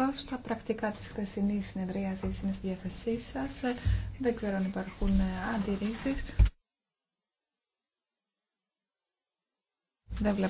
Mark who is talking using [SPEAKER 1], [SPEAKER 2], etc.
[SPEAKER 1] Πώς τα πρακτικά της χθεσινής συνεδρίασης είναι στη διάθεσή σας. Δεν ξέρω αν υπάρχουν
[SPEAKER 2] αντιρρήσεις.